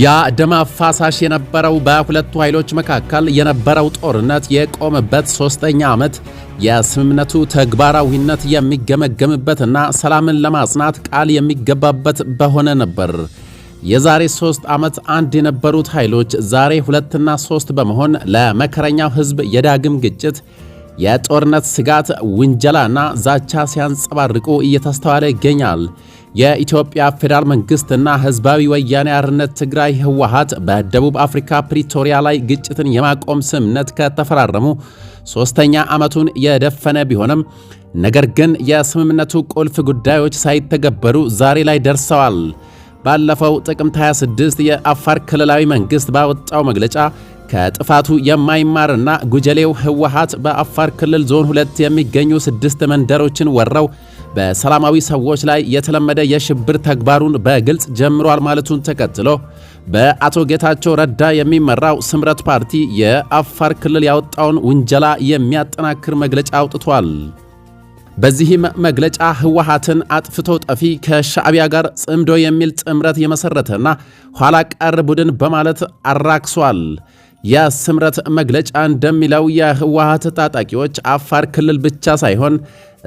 ያ ደም አፋሳሽ የነበረው በሁለቱ ኃይሎች መካከል የነበረው ጦርነት የቆመበት ሶስተኛ ዓመት የስምምነቱ ተግባራዊነት የሚገመገምበትና ሰላምን ለማጽናት ቃል የሚገባበት በሆነ ነበር። የዛሬ ሶስት ዓመት አንድ የነበሩት ኃይሎች ዛሬ ሁለትና ሶስት በመሆን ለመከረኛው ሕዝብ የዳግም ግጭት፣ የጦርነት ስጋት፣ ውንጀላና ዛቻ ሲያንጸባርቁ እየተስተዋለ ይገኛል። የኢትዮጵያ ፌዴራል መንግስትና ህዝባዊ ወያኔ አርነት ትግራይ ህወሀት በደቡብ አፍሪካ ፕሪቶሪያ ላይ ግጭትን የማቆም ስምምነት ከተፈራረሙ ሶስተኛ ዓመቱን የደፈነ ቢሆንም ነገር ግን የስምምነቱ ቁልፍ ጉዳዮች ሳይተገበሩ ዛሬ ላይ ደርሰዋል። ባለፈው ጥቅምት 26 የአፋር ክልላዊ መንግስት ባወጣው መግለጫ ከጥፋቱ የማይማርና ጉጀሌው ህወሀት በአፋር ክልል ዞን ሁለት የሚገኙ ስድስት መንደሮችን ወረው በሰላማዊ ሰዎች ላይ የተለመደ የሽብር ተግባሩን በግልጽ ጀምሯል ማለቱን ተከትሎ በአቶ ጌታቸው ረዳ የሚመራው ስምረት ፓርቲ የአፋር ክልል ያወጣውን ውንጀላ የሚያጠናክር መግለጫ አውጥቷል። በዚህም መግለጫ ህወሓትን አጥፍቶ ጠፊ ከሻዕቢያ ጋር ጽምዶ የሚል ጥምረት የመሰረተና ኋላ ቀር ቡድን በማለት አራክሷል። የስምረት መግለጫ እንደሚለው የህወሀት ታጣቂዎች አፋር ክልል ብቻ ሳይሆን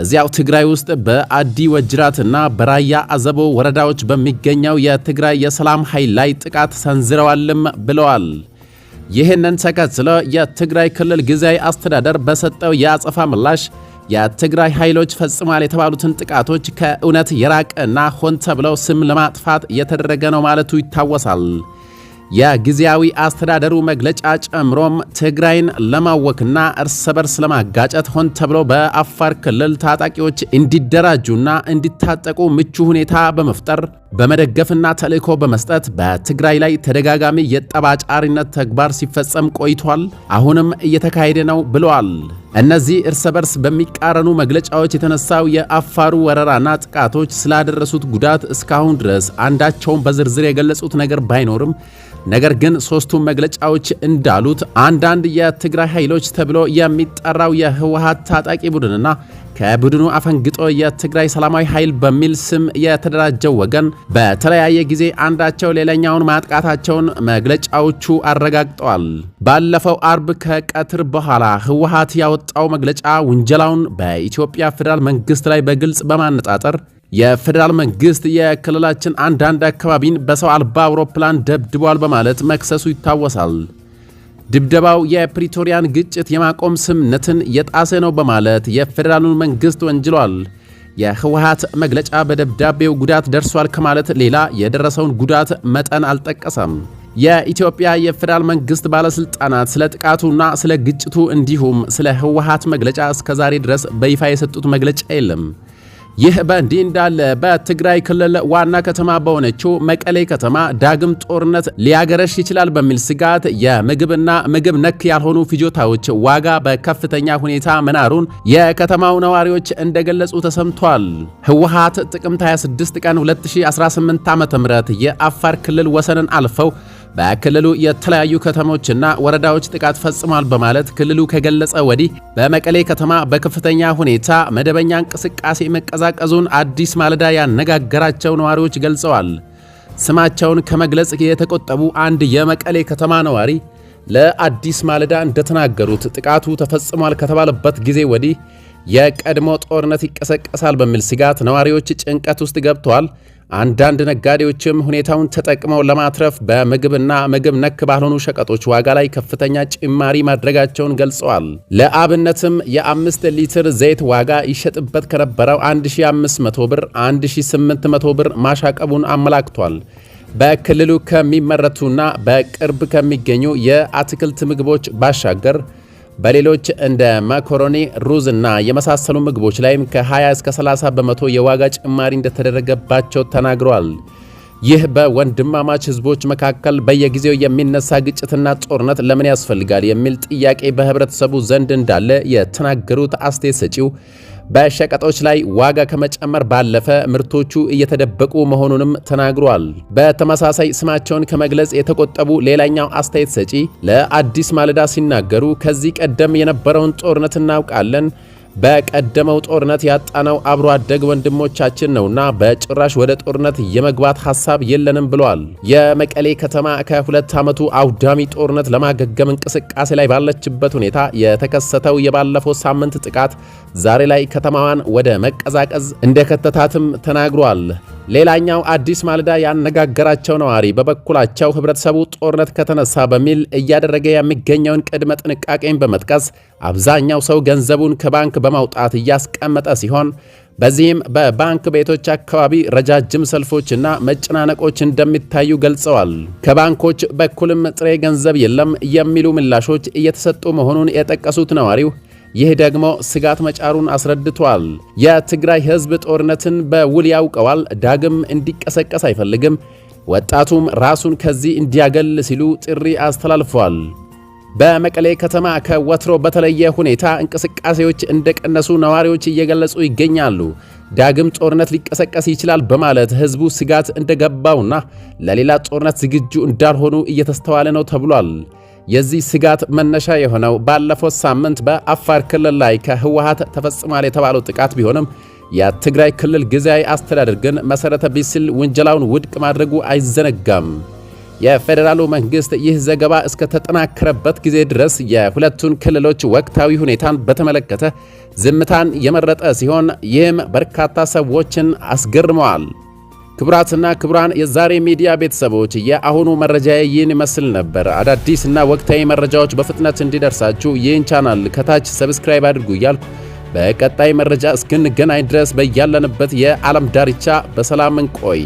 እዚያው ትግራይ ውስጥ በአዲ ወጅራትና በራያ አዘቦ ወረዳዎች በሚገኘው የትግራይ የሰላም ኃይል ላይ ጥቃት ሰንዝረዋልም ብለዋል። ይህንን ተከትሎ የትግራይ ክልል ጊዜያዊ አስተዳደር በሰጠው የአጸፋ ምላሽ የትግራይ ኃይሎች ፈጽሟል የተባሉትን ጥቃቶች ከእውነት የራቅና ሆን ተብለው ስም ለማጥፋት እየተደረገ ነው ማለቱ ይታወሳል። የጊዜያዊ አስተዳደሩ መግለጫ ጨምሮም ትግራይን ለማወክና እርስ በርስ ለማጋጨት ሆን ተብሎ በአፋር ክልል ታጣቂዎች እንዲደራጁና እንዲታጠቁ ምቹ ሁኔታ በመፍጠር በመደገፍና ተልእኮ በመስጠት በትግራይ ላይ ተደጋጋሚ የጠባጫሪነት ተግባር ሲፈጸም ቆይቷል፣ አሁንም እየተካሄደ ነው ብለዋል። እነዚህ እርስ በርስ በሚቃረኑ መግለጫዎች የተነሳው የአፋሩ ወረራና ጥቃቶች ስላደረሱት ጉዳት እስካሁን ድረስ አንዳቸውን በዝርዝር የገለጹት ነገር ባይኖርም ነገር ግን ሶስቱም መግለጫዎች እንዳሉት አንዳንድ የትግራይ ኃይሎች ተብሎ የሚጠራው የህወሓት ታጣቂ ቡድንና ከቡድኑ አፈንግጦ የትግራይ ሰላማዊ ኃይል በሚል ስም የተደራጀው ወገን በተለያየ ጊዜ አንዳቸው ሌላኛውን ማጥቃታቸውን መግለጫዎቹ አረጋግጠዋል። ባለፈው አርብ ከቀትር በኋላ ህወሓት ያወጣው መግለጫ ውንጀላውን በኢትዮጵያ ፌዴራል መንግስት ላይ በግልጽ በማነጣጠር የፌዴራል መንግስት የክልላችን አንዳንድ አካባቢን በሰው አልባ አውሮፕላን ደብድቧል በማለት መክሰሱ ይታወሳል። ድብደባው የፕሪቶሪያን ግጭት የማቆም ስምነትን የጣሰ ነው በማለት የፌዴራሉን መንግሥት ወንጅሏል። የህወሓት መግለጫ በደብዳቤው ጉዳት ደርሷል ከማለት ሌላ የደረሰውን ጉዳት መጠን አልጠቀሰም። የኢትዮጵያ የፌዴራል መንግሥት ባለሥልጣናት ስለ ጥቃቱና ስለ ግጭቱ እንዲሁም ስለ ህወሓት መግለጫ እስከ ዛሬ ድረስ በይፋ የሰጡት መግለጫ የለም። ይህ በእንዲህ እንዳለ በትግራይ ክልል ዋና ከተማ በሆነችው መቀሌ ከተማ ዳግም ጦርነት ሊያገረሽ ይችላል በሚል ስጋት የምግብና ምግብ ነክ ያልሆኑ ፍጆታዎች ዋጋ በከፍተኛ ሁኔታ መናሩን የከተማው ነዋሪዎች እንደገለጹ ተሰምቷል። ህወሓት ጥቅምት 26 ቀን 2018 ዓ.ም የአፋር ክልል ወሰንን አልፈው በክልሉ የተለያዩ ከተሞችና ወረዳዎች ጥቃት ፈጽሟል በማለት ክልሉ ከገለጸ ወዲህ በመቀሌ ከተማ በከፍተኛ ሁኔታ መደበኛ እንቅስቃሴ መቀዛቀዙን አዲስ ማለዳ ያነጋገራቸው ነዋሪዎች ገልጸዋል። ስማቸውን ከመግለጽ የተቆጠቡ አንድ የመቀሌ ከተማ ነዋሪ ለአዲስ ማለዳ እንደተናገሩት ጥቃቱ ተፈጽሟል ከተባለበት ጊዜ ወዲህ የቀድሞ ጦርነት ይቀሰቀሳል በሚል ስጋት ነዋሪዎች ጭንቀት ውስጥ ገብተዋል። አንዳንድ ነጋዴዎችም ሁኔታውን ተጠቅመው ለማትረፍ በምግብና ምግብ ነክ ባልሆኑ ሸቀጦች ዋጋ ላይ ከፍተኛ ጭማሪ ማድረጋቸውን ገልጸዋል። ለአብነትም የ5 ሊትር ዘይት ዋጋ ይሸጥበት ከነበረው 1500 ብር 1800 ብር ማሻቀቡን አመላክቷል። በክልሉ ከሚመረቱና በቅርብ ከሚገኙ የአትክልት ምግቦች ባሻገር በሌሎች እንደ ማኮሮኒ፣ ሩዝ እና የመሳሰሉ ምግቦች ላይም ከ20 እስከ 30 በመቶ የዋጋ ጭማሪ እንደተደረገባቸው ተናግረዋል። ይህ በወንድማማች ህዝቦች መካከል በየጊዜው የሚነሳ ግጭትና ጦርነት ለምን ያስፈልጋል የሚል ጥያቄ በህብረተሰቡ ዘንድ እንዳለ የተናገሩት አስተያየት ሰጪው በሸቀጦች ላይ ዋጋ ከመጨመር ባለፈ ምርቶቹ እየተደበቁ መሆኑንም ተናግሯል። በተመሳሳይ ስማቸውን ከመግለጽ የተቆጠቡ ሌላኛው አስተያየት ሰጪ ለአዲስ ማለዳ ሲናገሩ ከዚህ ቀደም የነበረውን ጦርነት እናውቃለን በቀደመው ጦርነት ያጣነው አብሮ አደግ ወንድሞቻችን ነውና በጭራሽ ወደ ጦርነት የመግባት ሀሳብ የለንም ብለዋል። የመቀሌ ከተማ ከሁለት ዓመቱ አውዳሚ ጦርነት ለማገገም እንቅስቃሴ ላይ ባለችበት ሁኔታ የተከሰተው የባለፈው ሳምንት ጥቃት ዛሬ ላይ ከተማዋን ወደ መቀዛቀዝ እንደከተታትም ተናግሯል። ሌላኛው አዲስ ማለዳ ያነጋገራቸው ነዋሪ በበኩላቸው ህብረተሰቡ ጦርነት ከተነሳ በሚል እያደረገ የሚገኘውን ቅድመ ጥንቃቄን በመጥቀስ አብዛኛው ሰው ገንዘቡን ከባንክ በማውጣት እያስቀመጠ ሲሆን በዚህም በባንክ ቤቶች አካባቢ ረጃጅም ሰልፎችና መጨናነቆች እንደሚታዩ ገልጸዋል። ከባንኮች በኩልም ጥሬ ገንዘብ የለም የሚሉ ምላሾች እየተሰጡ መሆኑን የጠቀሱት ነዋሪው ይህ ደግሞ ስጋት መጫሩን አስረድቷል። የትግራይ ህዝብ ጦርነትን በውል ያውቀዋል፣ ዳግም እንዲቀሰቀስ አይፈልግም። ወጣቱም ራሱን ከዚህ እንዲያገል ሲሉ ጥሪ አስተላልፏል። በመቀሌ ከተማ ከወትሮ በተለየ ሁኔታ እንቅስቃሴዎች እንደቀነሱ ነዋሪዎች እየገለጹ ይገኛሉ። ዳግም ጦርነት ሊቀሰቀስ ይችላል በማለት ህዝቡ ስጋት እንደገባውና ለሌላ ጦርነት ዝግጁ እንዳልሆኑ እየተስተዋለ ነው ተብሏል። የዚህ ስጋት መነሻ የሆነው ባለፈው ሳምንት በአፋር ክልል ላይ ከህወሓት ተፈጽሟል የተባለው ጥቃት ቢሆንም የትግራይ ክልል ጊዜያዊ አስተዳደር ግን መሰረተ ቢስ ሲል ውንጀላውን ውድቅ ማድረጉ አይዘነጋም። የፌዴራሉ መንግስት ይህ ዘገባ እስከተጠናከረበት ጊዜ ድረስ የሁለቱን ክልሎች ወቅታዊ ሁኔታን በተመለከተ ዝምታን የመረጠ ሲሆን ይህም በርካታ ሰዎችን አስገርመዋል። ክብራትና ክብራን የዛሬ ሚዲያ ቤተሰቦች የአሁኑ መረጃ ይህን ይመስል ነበር። አዳዲስና ወቅታዊ መረጃዎች በፍጥነት እንዲደርሳችሁ ይህን ቻናል ከታች ሰብስክራይብ አድርጉ እያልኩ በቀጣይ መረጃ እስክንገናኝ ድረስ በያለንበት የዓለም ዳርቻ በሰላም እንቆይ።